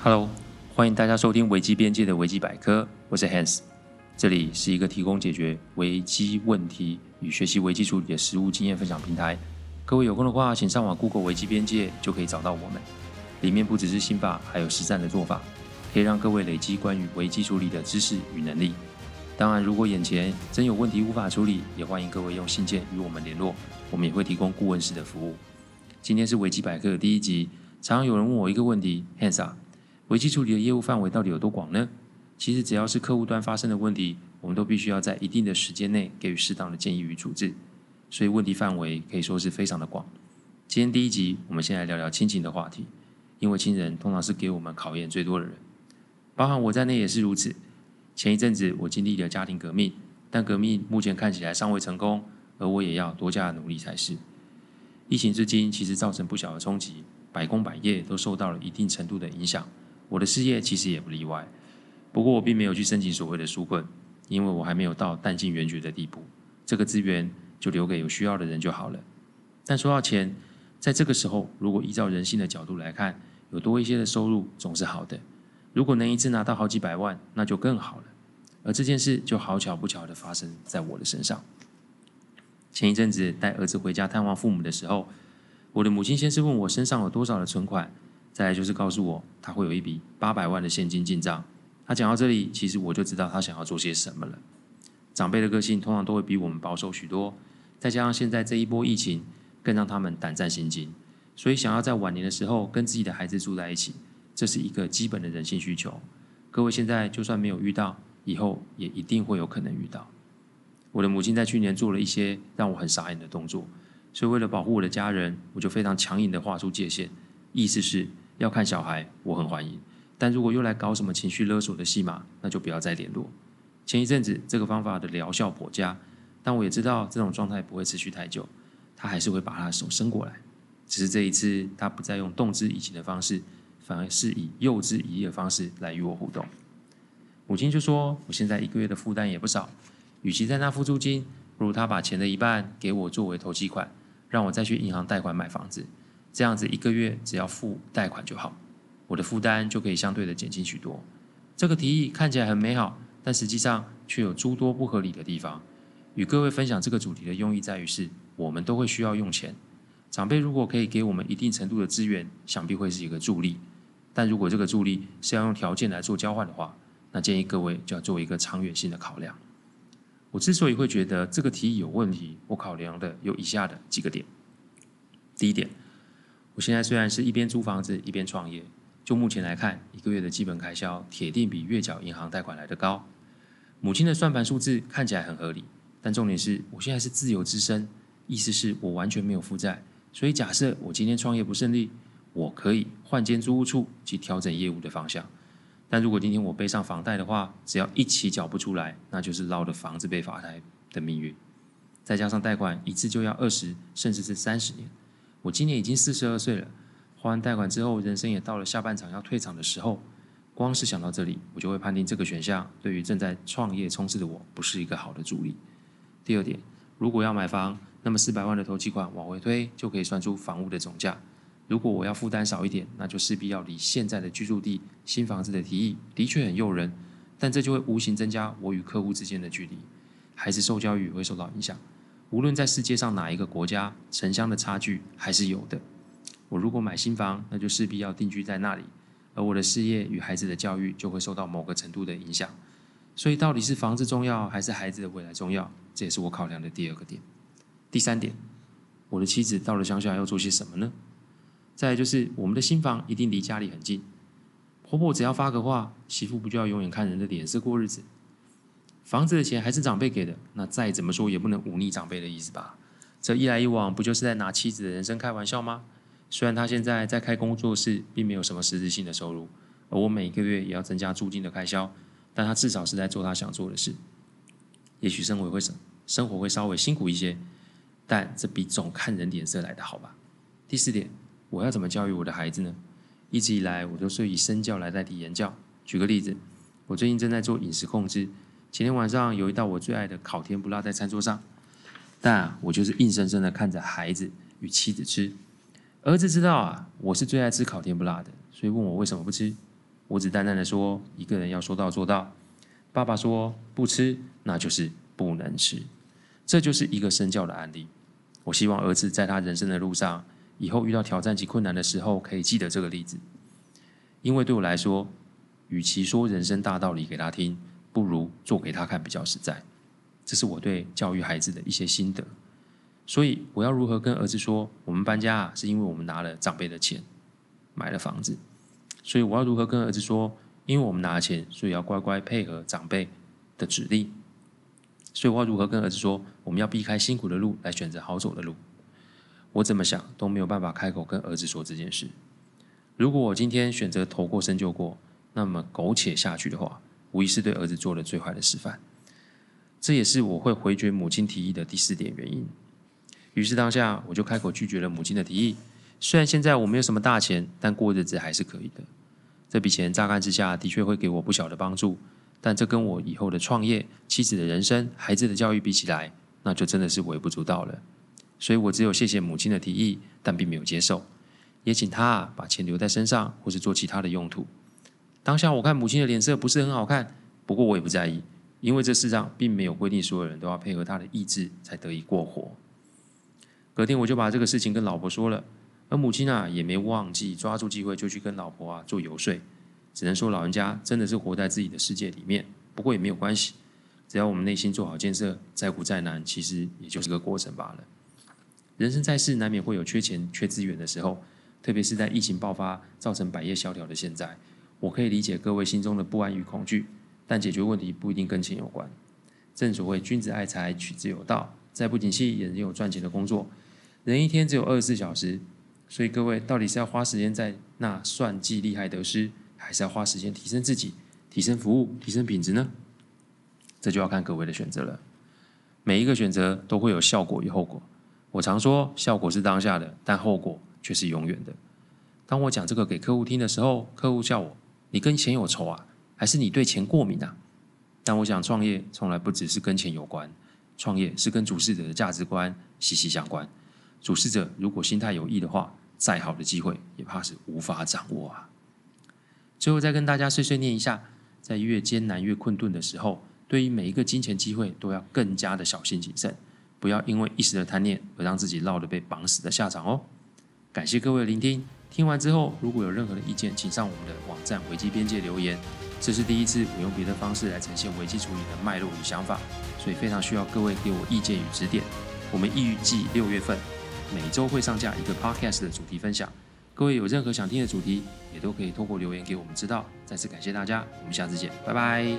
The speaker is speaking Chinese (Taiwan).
Hello，歡迎大家收聽《危機邊界》的《危機百科》，我是 Hans。這裡是一個提供解決危機問題與學習危機處理的實務經驗分享平台。各位有空的話，請上網 Google 危機邊界，就可以找到我們。裡面不只是心法，還有實戰的做法，可以讓各位累積關於危機處理的知識與能力。當然，如果眼前真有問題無法處理，也歡迎各位用信件與我們聯絡，我們也會提供顧問式的服務。今天是《危機百科》的第一集。常常有人問我一個問題，Hans 啊。危機處理的業務範圍到底有多廣呢？其實只要是客戶端發生的問題，我們都必須要在一定的時間內給予適當的建議與處置，所以問題範圍可以說是非常的廣。今天第一集，我們先來聊聊親情的話題，因為親人通常是給我們考驗最多的人，包含我在內也是如此。前一陣子我經歷了家庭革命，但革命目前看起來尚未成功，而我也要多加努力才是。疫情至今其實造成不小的衝擊，百工百業都受到了一定程度的影響。我的事業其實也不例外，不過我並沒有去申請所謂的紓困，因為我還沒有到彈盡援絕的地步。這個資源就留給有需要的人就好了。但說到錢，在這個時候，如果依照人性的角度來看，有多一些的收入總是好的。如果能一次拿到好幾百萬，那就更好了。而這件事就好巧不巧的發生在我的身上。前一陣子帶兒子回家探望父母的時候，我的母親先是問我身上有多少的存款。再來就是告訴我他會有一筆八百萬的現金進賬。他講到這裡，其實我就知道他想要做些什麼了。長輩的個性通常都會比我們保守許多，再加上現在這一波疫情更讓他們膽戰心驚，所以想要在晚年的時候跟自己的孩子住在一起，這是一個基本的人性需求。各位現在就算沒有遇到，以後也一定會有可能遇到。我的母親在去年做了一些讓我很傻眼的動作，所以為了保護我的家人，我就非常強硬的劃出界限，意思是。要看小孩，我很歡迎，但如果又來搞什麼情緒勒索的戲碼，那就不要再聯絡。前一陣子這個方法的療效頗佳，但我也知道這種狀態不會持續太久，他還是會把他手伸過來，只是這一次他不再用動之以情的方式，反而是以誘之以利的方式來與我互動。母親就說：“我現在一個月的負擔也不少，與其在那付租金，不如他把錢的一半給我作為頭期款，讓我再去銀行貸款買房子。”這樣子一個月只要付貸款就好，我的負擔就可以相對的減輕許多。這個提議看起來很美好，但實際上卻有諸多不合理的地方。與各位分享這個主題的用意在於是，我們都會需要用錢，長輩如果可以給我們一定程度的資源，想必會是一個助力。但如果這個助力是要用條件來做交換的話，那建議各位就要做一個長遠性的考量。我之所以會覺得這個提議有問題，我考量的有以下的幾個點。第一點。我現在雖然是一邊租房子一邊創業，就目前來看，一個月的基本開銷鐵定比月繳銀行貸款來得高。母親的算盤數字看起來很合理，但重點是我現在是自由之身，意思是我完全沒有負債，所以假設我今天創業不順利，我可以換間租屋處及調整業務的方向。但如果今天我背上房貸的話，只要一期繳不出來，那就是老的房子被法拍的命運。再加上貸款一次就要二十甚至是三十年。我今年已經四十二歲了，還完貸款之後，人生也到了下半場要退場的時候。光是想到這裡，我就會判定這個選項對於正在創業衝刺的我不是一個好的助力。第二點，如果要買房，那麼四百萬的頭期款往回推，就可以算出房屋的總價。如果我要負擔少一點，那就勢必要離現在的居住地。新房子的提議的確很誘人，但這就會無形增加我與客戶之間的距離，孩子受教育會受到影響。無論在世界上哪一個國家，城鄉的差距還是有的。我如果買新房，那就勢必要定居在那裡，而我的事業與孩子的教育就會受到某個程度的影響。所以，到底是房子重要還是孩子的未來重要？這也是我考量的第二個點。第三點，我的妻子到了鄉下要做些什麼呢？再來就是，我們的新房一定離家裡很近，婆婆只要發個話，媳婦不就要永遠看人的臉色過日子？房子的錢還是長輩給的，那再怎麼說也不能忤逆長輩的意思吧？這一來一往，不就是在拿妻子的人生開玩笑嗎？雖然他現在在開工作室，並沒有什麼實質性的收入，而我每個月也要增加租金的開銷，但他至少是在做他想做的事。也許生活會生生活會稍微辛苦一些，但這比總看人臉色來的好吧？第四點，我要怎麼教育我的孩子呢？一直以來，我都是以身教來代替言教。舉個例子，我最近正在做飲食控制。前天晚上有一道我最愛的烤甜不辣在餐桌上，但啊，我就是硬生生的看着孩子與妻子吃。兒子知道啊，我是最愛吃烤甜不辣的，所以問我為什麼不吃。我只淡淡的說，一個人要說到做到。爸爸說不吃，那就是不能吃。這就是一個身教的案例。我希望兒子在他人生的路上，以後遇到挑戰及困難的時候，可以記得這個例子。因為對我來說，與其說人生大道理給他聽。不如做給他看比較實在，這是我對教育孩子的一些心得。所以我要如何跟兒子說，我們搬家是因為我們拿了長輩的錢買了房子？所以我要如何跟兒子說，因為我們拿了錢，所以要乖乖配合長輩的指令？所以我要如何跟兒子說，我們要避開辛苦的路，來選擇好走的路？我怎麼想都沒有辦法開口跟兒子說這件事。如果我今天選擇頭過身就過，那麼苟且下去的話。無疑是對兒子做了最壞的示範，這也是我會回絕母親提議的第四點原因。於是當下我就開口拒絕了母親的提議。雖然現在我沒有什麼大錢，但過日子還是可以的。這筆錢乍看之下的確會給我不小的幫助，但這跟我以後的創業、妻子的人生、孩子的教育比起來，那就真的是微不足道了。所以我只有謝謝母親的提議，但並沒有接受，也請她把錢留在身上或是做其他的用途。當下我看母親的臉色不是很好看，不過我也不在意，因為這世上並沒有規定所有人都要配合他的意志才得以過活。隔天我就把這個事情跟老婆說了，而母親啊也沒忘記抓住機會就去跟老婆啊做游說。只能說老人家真的是活在自己的世界裡面，不過也沒有關係，只要我們內心做好建設，再苦再難，其實也就是個過程罷了。人生在世，難免會有缺錢、缺資源的時候，特別是在疫情爆發造成百業蕭條的現在。我可以理解各位心中的不安與恐懼，但解決問題不一定跟錢有關。正所謂君子愛財，取之有道。再不景氣，也能有賺錢的工作。人一天只有二十四小時，所以各位到底是要花時間在那算計利害得失，還是要花時間提升自己、提升服務、提升品質呢？這就要看各位的選擇了。每一個選擇都會有效果與後果。我常說，效果是當下的，但後果卻是永遠的。當我講這個給客戶聽的時候，客戶笑我。你跟錢有仇啊，還是你對錢過敏啊？但我想，創業從來不只是跟錢有關，創業是跟主事者的價值觀息息相關。主事者如果心態有異的話，再好的機會也怕是無法掌握啊。最後再跟大家碎碎念一下，在越艱難越困頓的時候，對於每一個金錢機會都要更加的小心謹慎，不要因為一時的貪念而讓自己落得被綁死的下場哦。感謝各位的聆聽。聽完之後，如果有任何的意見，請上我們的網站危機邊界留言。這是第一次我用別的方式來呈現危機處理的脈絡與想法，所以非常需要各位給我意見與指點。我們預計六月份每周會上架一個 podcast 的主題分享，各位有任何想聽的主題，也都可以透過留言給我們知道。再次感謝大家，我們下次見，拜拜。